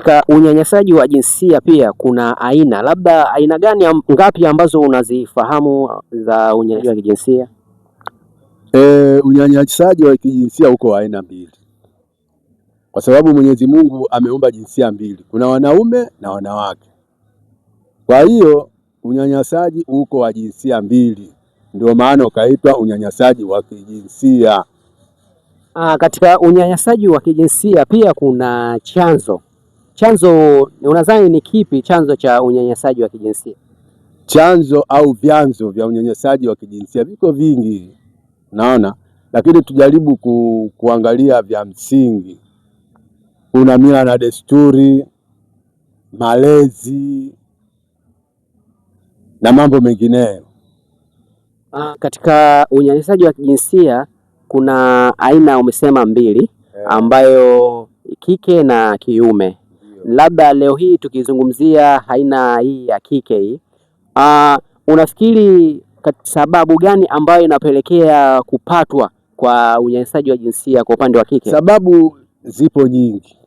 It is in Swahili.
katika unyanyasaji wa jinsia pia kuna aina, labda aina gani ngapi ambazo unazifahamu uh, za unyanyasaji wa kijinsia? E, unyanyasaji wa kijinsia huko aina mbili, kwa sababu Mwenyezi Mungu ameumba jinsia mbili, kuna wanaume na wanawake. Kwa hiyo unyanyasaji uko wa jinsia mbili, ndio maana ukaitwa unyanyasaji wa kijinsia. Aa, ah, katika unyanyasaji wa kijinsia pia kuna chanzo Chanzo unadhani ni kipi chanzo cha unyanyasaji wa kijinsia? Chanzo au vyanzo vya unyanyasaji wa kijinsia viko vingi, naona lakini tujaribu ku, kuangalia vya msingi. Kuna mila na desturi, malezi na mambo mengineyo. Ah, katika unyanyasaji wa kijinsia kuna aina umesema mbili, eh. ambayo kike na kiume labda leo hii tukizungumzia aina hii ya kike uh, ah, unafikiri sababu gani ambayo inapelekea kupatwa kwa unyanyasaji wa jinsia kwa upande wa kike? Sababu zipo nyingi